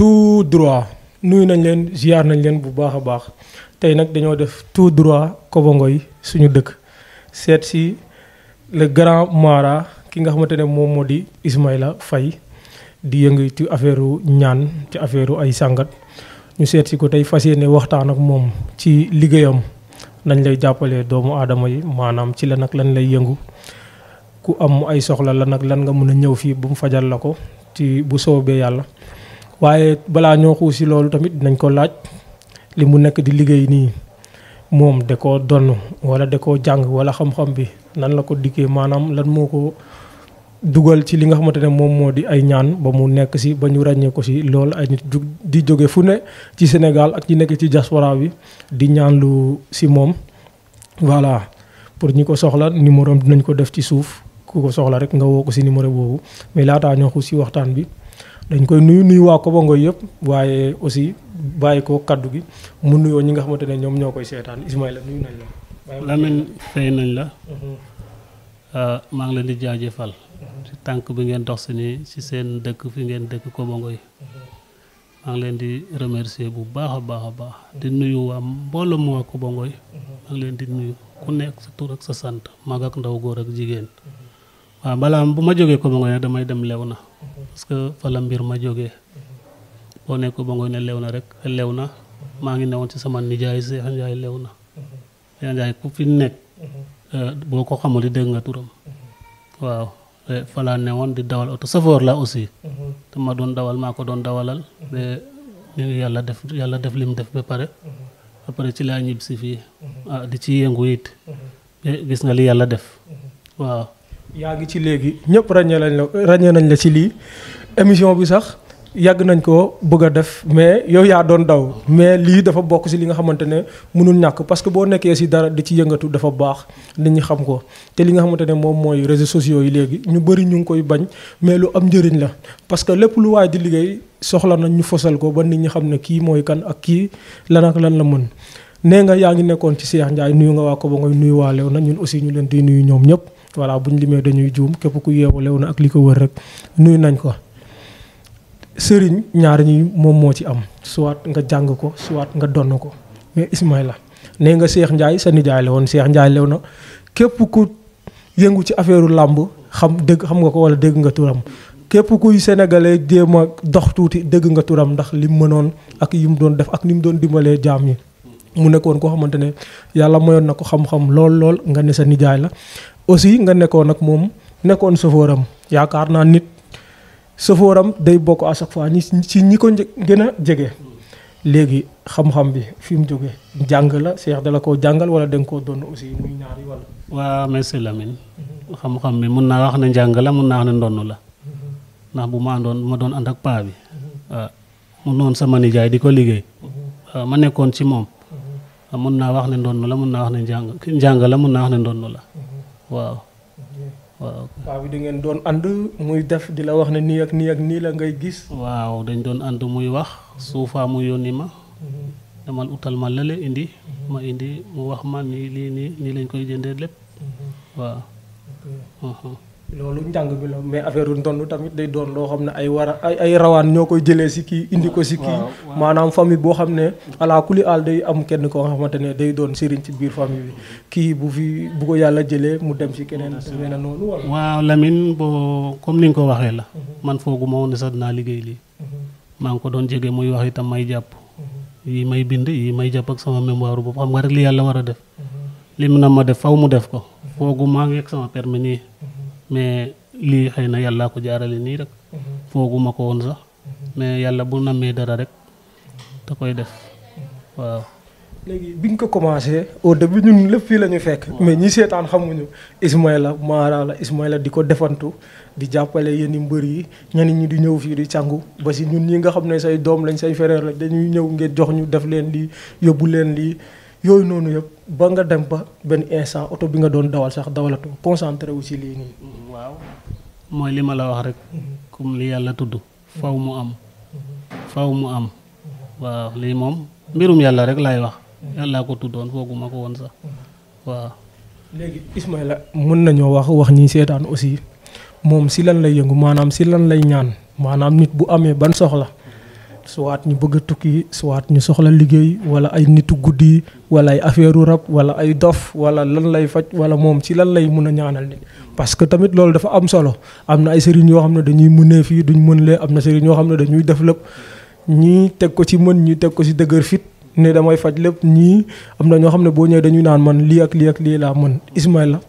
tout droit nuyu nañ leen ziar nañ leen bu baax a baax tey nag dañoo def tout droit Koba Ngoye suñu dëkk seet si le grand mara ki nga xamante ne moom moo di la fay di yëngu ci affaire ñaan ci affaire ay sàngat ñu seet si ko tey fas yéene waxtaan ak moom ci liggéeyam nañ lay jàppale doomu aadama yi maanaam ci la nag lan lay yëngu ku am ay soxla la nag lan nga mën a ñëw fii bu mu fajal la ko ci bu soobee yàlla. waaye balaa ñoo xuus si loolu tamit dinañ ko laaj li mu nekk di liggéey nii moom de ko donn wala de koo jàng wala xam-xam bi nan la ko dikkee maanaam lan moo ko dugal ci li nga xamante ne moom moo di ay ñaan ba mu nekk si ba ñu ràññee si loolu ay nit jug di jóge fu ne ci Sénégal ak ñi nekk ci diaspora bi di ñaan lu si moom voilà pour ñi ko soxla numéro dinañ ko def ci suuf ku ko soxla rek nga woo ko si numéro boobu mais laataa ñoo xuus si waxtaan bi dañ koy nuyu nuyu waa Kobangoy yëpp waaye aussi bàyyi ko kaddu gi mu nuyoo ñi nga xamante ne ñoom ñoo koy seetaan Ismaïla nuyu nañ la. Lamine fay nañ la. Mhm. Ah, maa ngi leen di jaajëfal. ci tànk bi ngeen dox si nii si seen dëkk fi ngeen dëkk Kobangoy. Mhm. maa ngi leen di remercier bu baax a baax a baax di nuyu waa mbooloom waa Kobangoy. Mhm. maa ngi leen di nuyu ku nekk sa tur ak sa sant mag ak ndaw góor ak jigéen. waaw balaa bu ma jógee Kobangoy nag damay dem lew parce que fa la mbir ma jógee boo nekk ba ngoy lew na rek lew na maa ngi newoon ci sama nijaay Seex Njaay lew na Seex ku fi nekk euh, boo ko xamul di dégg nga turam waaw fa laa newoon di dawal oto safoor la aussi te ma doon dawal maa ko doon dawalal mais yàlla def yàlla def lim def ba pare après ci laa ñibbisi fii ah, di ci yëngu it gis nga li yàlla def waaw yaa ngi ci léegi ñëpp ràññee lañ la ràññee nañ la ci lii émission bi sax yàgg nañ ko bëgg a def mais yow yaa doon daw mais lii dafa bokk si li nga xamante ne mënul ñàkk parce que boo nekkee si dara di ci yëngatu dafa baax nit ñi xam ko te li nga xamante ne moom mooy réseaux sociaux yi léegi ñu bëri ñu ngi koy bañ mais lu am njëriñ la parce que lépp lu waay di liggéey soxla nañ ñu fosal ko ba nit ñi xam ne kii mooy kan ak kii lan ak lan la mën nee nga yaa ngi nekkoon ci Cheikh Ndiaye nuyu nga waa ko ba ngay nuyu waa ñun aussi ñu leen di nuyu ñoom ñëpp voilà buñ limee dañuy juum képp ku yeewu lew na ak li ko wër rek nuyu nañ ko sëriñ ñaar ñi moom moo ci am soit nga jàng ko soit nga donn ko mais la nee nga Cheikh Ndiaye sa nijaay la woon Cheikh Ndiaye lew na képp ku yëngu ci affaire làmb xam dëgg xam nga ko wala dégg nga turam képp kuy sénégalais jéem a dox tuuti dëgg nga turam ndax li mu mënoon ak yi mu doon def ak ni mu doon dimbalee jaam yi mu nekkoon koo xamante ne yàlla mayoon na ko xam-xam lool lool nga ne sa nijaay la aussi nga nekkoon ak moom nekkoon sofóoram yaakaar naa nit sofóoram day bokk à chaque fois ñi ci ñi ko gën a jege léegi xam-xam bi fi mu jóge jàng la cheikh da la ko jàngal wala da ko koo doon aussi muy ñaari wala waa merci lamine xam-xam bi mun naa wax ne la mun naa wax ne ndonn la ndax bu ma àndoon ma doon ànd ak paa bi waaw ah, mu noon sama nijaay di ko liggéey waaw ah, ma nekkoon ci moom ah, mun naa wax ne ndonn la mun naa wax ne njàng la mun naa wax ne ndonn la waaw waaw. bi da ngeen doon ànd muy def di la wax ne nii ak nii ak nii la ngay gis. waaw dañ doon ànd muy wax mhm. suufaa mu yónni ma. Mhm. demal utal ma lële indi. Mhm. ma indi mu wax ma ni lii nii nii lañ koy jëndee lépp waaw. loolu njàng bi la mais affaire ndond tamit day doon loo xam ne ay war ay ay rawaan ñoo koy jëlee si kii indi ko si kii maanaam famille boo xam ne ala kuli aal day am kenn koo xamante ne day doon sëriñ ci biir famille bi bu fi bu ko mu dem si keneen demee na noonu wala waaw Lamine boo comme ni ko waxee la mhm. man foogu ma woon ne sax dinaa liggéey lii mhm. maa ngi ko doon jege muy wax itam may jàpp mhm. yi may bind yi may jàpp ak sama mémoire boobu xam nga rek li yàlla war a def li mu a ma def faw mu def ko foogu maa ngi ak sama permis mais lii xëy na yàlla ko jaarale nii rek mhm. fooguma ko woon sax mhm. mais yàlla bu nammee dara rek da koy def mhm. waaw bi nga ko commencé au début ñun lépp fii la ñu fekk mais ñi seetaan xamuñu Ismaïla Mara la Ismaïla di ko defantu di jàppale yéen i mbër yi ñenn ñi di ñëw fii di càngu ba si ñun ñi nga xam ne say doom lañ say fereer la dañuy ñëw ngeen jox ñu def leen lii yóbbu leen lii yooyu noonu yëpp ba nga dem ba benn instant oto bi nga doon dawal sax dawalatu concentré wu si lii nii. waaw mooy li ma la wax rek. comme li yàlla tudd. faw mu am. faw mu am. waaw lii moom mbirum yàlla rek lay wax. yàllaa ko tuddoon fooguma ko woon sax waaw. léegi Ismaïla mën nañoo wax wax ñi seetaan aussi moom si lan lay yëngu maanaam si lan lay ñaan maanaam nit bu amee ban soxla. soit ñu bëgg a tukki soit ñu soxla liggéey wala ay nitu guddi wala ay affaireu rab wala ay dof wala lan lay faj wala moom ci lan lay mun a ñaanal nit parce que tamit loolu dafa am solo am na ay sëriñ yoo xam ne dañuy mënee fii duñ mën lee am na sëriñ xam ne dañuy def lépp ñii teg ko ci mën ñii teg ko ci dëgër fit ne damay faj lépp ñii am na ñoo xam ne boo ñëwee dañuy naan man lii ak lii lii laa mën Ismaïla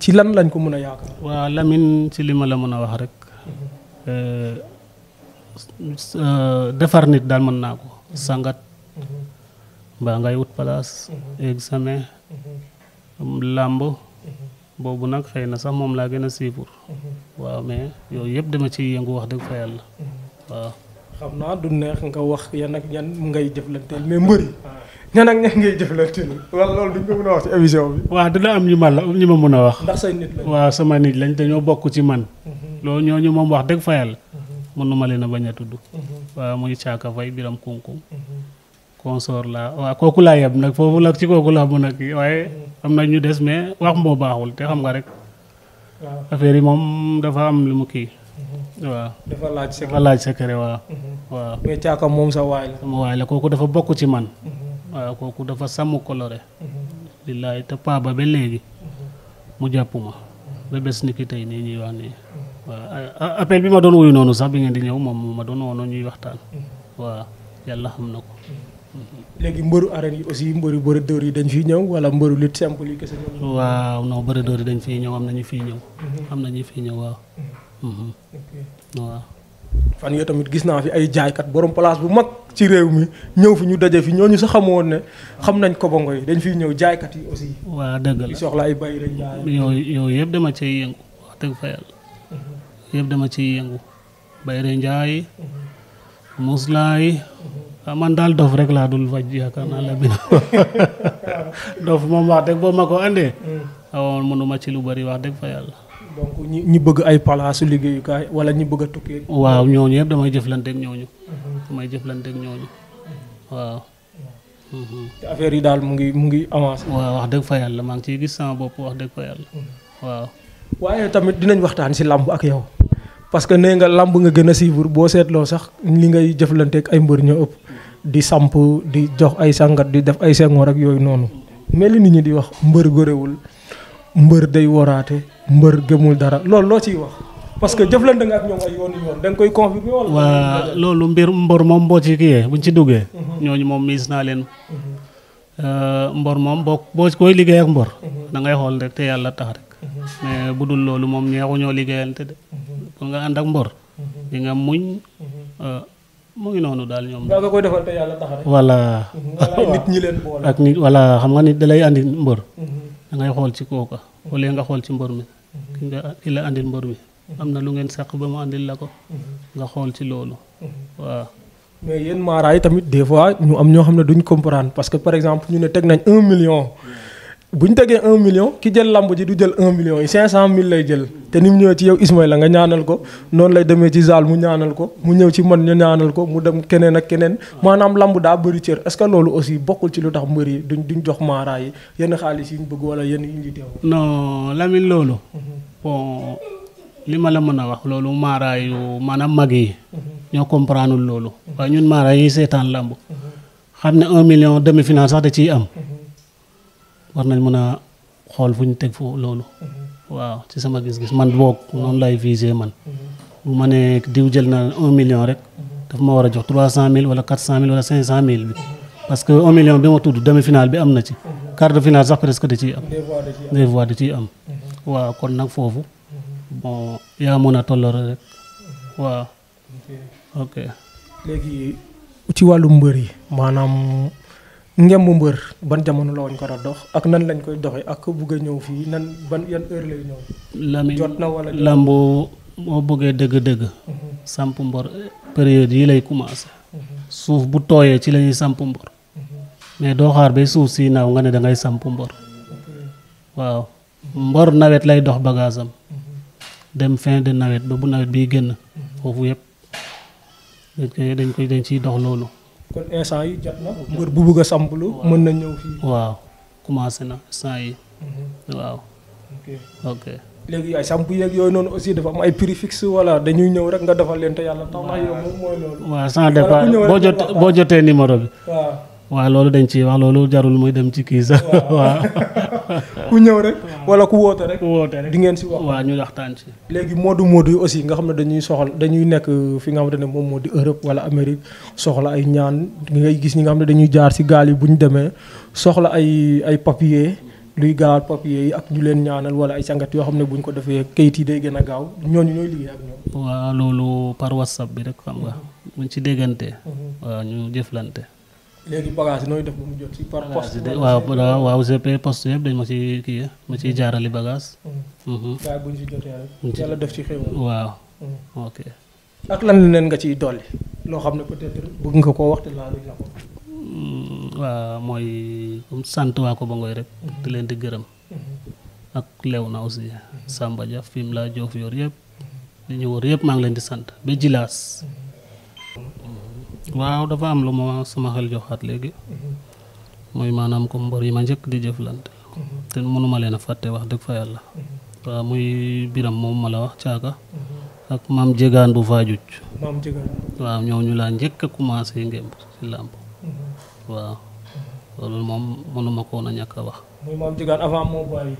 ci lan lañ ko mën a yaakaar. waa Lamine ci li la mën a wax rek. Mhm. Euh, Eh, defar nit dal man nako sangat ba ngay wut place examen làmb bobu nak xeyna sax mom la gëna a waaw mais yoy yeb dama ci yëngu wax deug fa yalla waaw xamna du neex nga wax ya nak ñan ngay jëflante mais mbër ñan ak ñan ngay jëflante wal lool duñ ko mëna wax ci émission bi waaw dina am ñu mal la ñu ma wax ndax say nit la waaw sama nit lañ dañoo bokku ci man mhm. lo ñoo ñu mom wax deug fa yalla mënuma leen a bañ a tudd. Mhm. waaw muy caaka fay biram kunkum. Mhm. consort laa waaw kooku laa yem nag foofu la ci kooku laa mën a kii waaye mhm. am na ñu des mais wax moo baaxul te xam nga rek. affaire yi moom dafa am lu mu kii. waaw dafa laaj sa dafa laaj sa kër waaw. moom sa waay la. sama waay la kooku dafa bokk ci man. waaw kooku dafa sàmm coloré. billaahi te paaba ba léegi. mu jàpp ma ba bés ni ki tey nii ñuy wax nii. waaw appel bi ma doon wuyu noonu sax bi ngeen di ñëw moom ma doon woon ñuy waxtaan waaw yàlla xam na ko léegi mbëru arène yi aussi mbëru bëri dóor yi dañ fiy ñëw wala mbëru lit simple yi kese ñëw waaw non bëri dóor yi dañ fiy ñëw am nañu fiy ñëw am nañu fiy ñëw waaw waaw fan yoo tamit gis naa fi ay jaaykat borom place bu mag ci réew mi ñëw fi ñu daje fi ñooñu sax xamoon ne xam nañ ko bongo yi dañ fiy ñëw jaaykat yi aussi waaw dëgg la soxla ay bay dañ jaay yooyu yëpp dama cay yëngu wax dëgg fa yàlla yeb dama ci yëngu bayre njaay muslay man dal dof rek la dul faj yaakaar na la bina dof mom wax dëgg bo mako ande andee awoon ma ci lu bari wax dëgg fa yalla donc ñi bëgg ay palaasu liggéeyukaay wala ñi bëgg tukki waaw ñoo yëpp damay jëflante ak ñu damay jëflante ak ñu waaw te affaire yi dal mu ngi mu ngi avancer waaw wax dëgg fa yalla ma ngi ci gis sama bop hmm. wax dëgg fa yalla waaw waaye tamit dinañ waxtaan ci lamb ak yow oh parce que ne nga lamb nga gëna sivur bo sétlo sax li ngay ak ay mbeur ñoo ëpp di samp di jox ay sangat di def ay sengoor ak yoy nonu mel ni ñi di wax mbeur gorewul mbeur day woraté mbeur gëmul dara lool lo ci wax parce que jëflanté nga ak ñoom ay yoon yoon dang koy confirmer wala wa loolu mbir mbor mom bo ci kiyee buñ ci mhm. ñu mom moom na len mhm. euh mbor mom bo boo koy liggéey ak mbor mhm. da ngay xol rek te yalla tax rek mais budul loolu ñeexu ñoo liggéeyante de pour nga ànd ak mbor. Mhm. di muñ. Mhm. Euh, mu ngi noonu daal ñoom. daa nga koy defal te yàlla tax rek. voilà. Mhm. nit ñi leen boole ak nit voilà xam nga nit da lay andi mbor. xool ci kooka. au lieu nga xool ci mbor mi. ki nga ki la andil mbor mi. am na lu ngeen sàq ba mu andil la ko. nga xool ci loolu. waaw. mais yéen maaraay tamit des ñu am ñoo xam ne duñ comprendre parce que par exemple ñu ne teg nañ un million. bu ñu tegee un million ki jël lamb ji du jël un million yi cinq cent mille lay jël te ni mu ñëwee ci yow Ismaïla nga ñaanal ko noonu lay demee ci Zal mu ñaanal ko mu ñëw ci man ñu ñaanal mu dem keneen ak keneen maanaam lamb daa bëri cër est-ce que loolu aussi bokkul ci lu tax mbër yi duñ duñ jox maara yi yenn xaalis yi ñu bëgg wala yenn yi ñu teew non Lamine loolu mhm. bon li ma la mën a wax loolu maara yu maanaam mag yi mhm. ñoo comprendre loolu mhm. waaye ñun maara yi seetaan lamb xam ne un million demi-finale sax da ciy am war nañ mën a xool fu ñu teg foofu loolu. waaw ci sama gis-gis man boog noonu lay viser man. bu ma nee diw jël na un million rek. daf ma war a jox trois cent mille wala quatre cent mille wala cinq cent mille bi. parce que un million bi ma tudd demi-finale bi am na ci. quart de finale sax presque da ciy am. des voix da ciy am. waaw kon nag foofu. bon yaa mën a tolloore rek. waaw. ok. ci wàllu mbër maanaam. ngemb mbër ban jamono la wañ ko war dox ak nan lañ koy doxee ak bëgg a ñëw fii nan ban yan heure lay ñëw. Lamine jot na wala lamb moo bëggee dëgg-dëgg. Mhm. samp mbor période yi lay commencé. Mhm. suuf bu tooyee ci la ñuy samp mbor. Mhm. mais doo xaar suuf si naaw nga ne da ngay samp mbor. waaw mbor nawet lay dox bagage am dem fin de nawet ba bu nawet biy génn foofu yëpp dañ koy dañ ciy dox loolu. kon instant yi jot bu bëgg a samplu. mën na ñëw fii. waaw commencé na instant yi mhm. waaw. ok ok. léegi yeeg yooyu noonu aussi dafa am ay prix fixe dañuy ñëw rek nga defal leen yàlla tax na yow mooy loolu. boo jotee boo jotee numéro bi. waaw loolu dañ ciy wax loolu jarul muy dem ci kii waaw. ku ñëw rek. wala ku woote rek. ku woote di ngeen si wax. waaw ñu waxtaan si. léegi moodu moodu yi aussi nga xam ne dañuy soxla dañuy nekk fi nga xamante ne moom moo di Europe wala Amérique soxla ay ñaan ngay gis ñi nga xam ne dañuy jaar si gaal yi bu ñu demee soxla ay ay papier luy gaal papier yi ak ñu leen ñaanal wala ay sangat yoo xam ne bu ñu ko defee kayit yi day gën a gaaw ñooñu ñooy liggéey ak ñoom. waaw loolu par whatsapp bi rek xam nga. buñ ci déggante. Mhm. waaw ñu jëflante. léegi bagage nooy def ba mu jot ci par poste. waaw waaw GP poste yëpp dañ ma ci kii ma ciy mm-hmm. jaarali bagage. waaw mm-hmm. mm-hmm. bu ñu def ci xew. waaw ok. ak lan leneen nga ciy dolli loo xam ne peut-être bëgg nga koo waxte laa luñ ko. Mm, waaw mooy sant waa ko ba ngoy rek. di leen di gërëm. ak lew na aussi. Samba Dia fi laa joof yor yëpp. li ñu wër yëpp maa ngi leen di sant ba Jilaas. waaw dafa am lu ma sama xel joxaat léegi mooy maanaam comme mbër yi ma njëkk di jëflante te mënuma leen a fàtte wax dëgg fa yàlla waaw muy biram moom ma la wax caaka ak maam jegaan bu faajuj maam jegaan waaw ñoo ñu laa njëkk a commencé ngémb si làmb waaw loolu moom mënuma ko na a ñàkk a wax muy maam jegaan avant moo bàyyi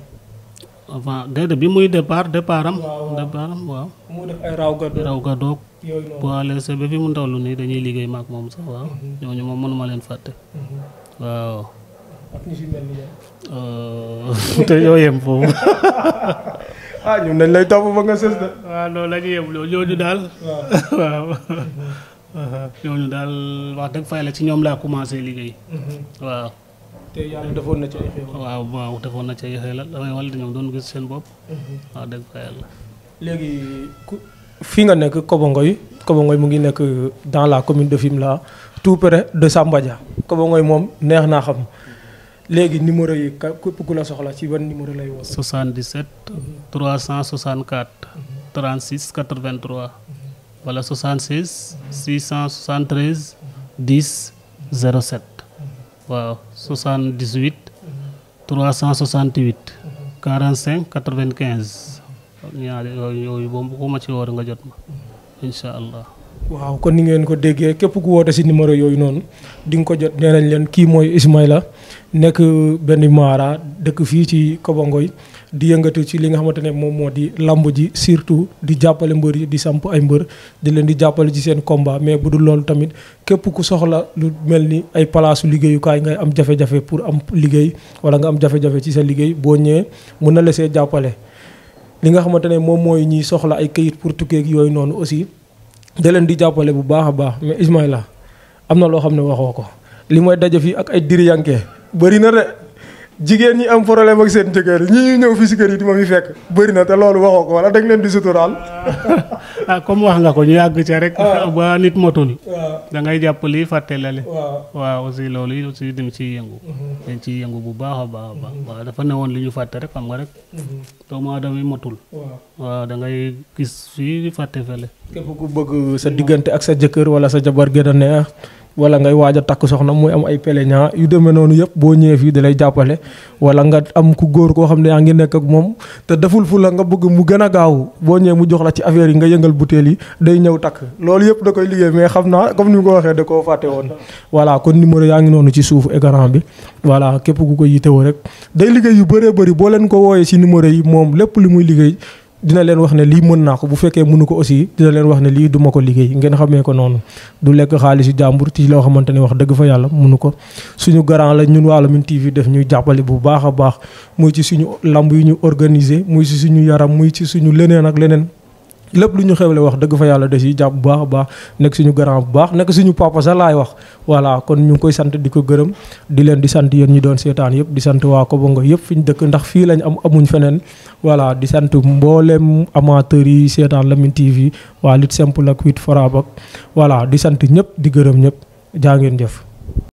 avant dede bi muy départ départ am départ am waaw mu def ay raw gadoo raw gadoo yooyu noonu. poids léger ba fi mu toll nii dañuy liggéey maak moom sax waaw. Mhm. ñooñu moom mënuma leen fàtte. Mhm. waaw. ak ñi si mel ni euh, te yoo yem foofu. ah ñun lay topp ba nga sës de. waaw la ñuy daal. waaw uh-huh. ñooñu daal wax dëgg fay la ci ñoom laa commencé liggéey. Mhm. waaw. te yàlla defoon na ci ay xew. waaw waaw defoon na la damay wàllu ñoom doon gis seen bopp. wax dëgg fa yàlla. léegi ku fi nga nekk Kobongoy Kobongoy mu ngi nek dans la commune de Fimela tout près de Sambadia Kobongoy mom neex na xam légui numéro yi képp ku soxla ci ban numéro lay woo 77 364 36 83 wala 76 673 10 07 waaw 78 368 45 95 ñaari yooyu yooyu boobu bu ko ma ci woor nga jot ma incha allah. kon ni ngeen ko déggee képp ku woote si numéro yooyu noonu di nga ko jot nee nañ leen kii mooy la nekk benn maara dëkk fii ci Kobangoy di yëngatu ci li nga xamante ne moom moo di lamb ji surtout di jàppale mbër yi di samp ay mbër di leen di jàppale ci seen combat mais bu dul loolu tamit képp ku soxla lu mel ni ay palaasu liggéeyukaay ngay am jafe-jafe pour am liggéey wala nga am jafe-jafe ci sa liggéey boo ñëwee mun na la see jàppale. li nga xamante ne moom mooy ñuy soxla ay kayit pour tukkeeg yooyu noonu aussi da leen di jàppale bu baax a baax mais la am na loo xam ne waxoo ko li mooy daje fii ak ay diriyanke bëri na de jigen ñi am problème ak seen jëkkër ñi ñu ñëw fi ci kër yi di ma fi fekk bari na te loolu waxoo ko wala dañ leen di sutural ah comme wax nga ko ñu yàgg ca rek. Ah. ba nit motul. Ah. da ngay jàpp lii fàtte lale. Ah. waaw aussi loolu aussi dim ci yëngu. Mhm. dañ ci yëngu bu baax a baax a baax. Mhm. waaw dafa newoon li ñu fàtte rek xam nga rek. Mhm. doomu aadama yi motul. waaw da ngay gis fii fàtte fele. képp ku bëgg sa diggante ak sa jëkkër wala sa jabar gën a neex wala ngay waaj a takk soxna muy am ay plaignant yu demee noonu yëpp boo ñëwee fii da lay jàppale wala nga am ku góor koo xam ne yaa ngi nekk ak moom te deful fu la nga bëgg mu gën a gaaw boo ñëwee mu jox la ci affaire yi nga yëngal butéel yi day ñëw takk loolu yëpp da koy liggéey mais xam naa comme ni mu ko waxee da koo fàtte woon voilà kon numéro yaa ngi noonu ci suuf écran bi voilà képp ku ko yitewoo rek day liggéey yu bëree bari boo leen ko wooyee si numéro yi moom lépp li muy liggéey dina leen wax ne lii mën naa ko bu fekkee mënu ko aussi dina leen wax ne lii duma ma ko liggéey ngeen xamee ko noonu du lekk xaalisu jàmbur ci loo xamante ne wax dëgg fa yàlla mënu ko suñu garant la ñun waa Lamyn TV def ñuy jàppale bu baax a baax muy ci suñu làmb yu ñu organiser muy ci suñu yaram muy ci suñu leneen ak leneen lépp lu ñu xewle wax dëgg fa yàlla da si jàpp bu baax a baax nekk suñu grand bu baax nekk suñu papa sax laay wax voilà kon ñu ngi koy sant di ko gërëm di leen di sant yéen ñi doon seetaan yëpp di sant waa Kobongo yëpp fi ñu dëkk ndax fii lañ am amuñ feneen voilà di sant mboolem amateurs yi seetaan Lamyn TV waa lutte simple ak lutte frappe ak voilà di sant ñëpp di gërëm ñëpp jaa ngeen jëf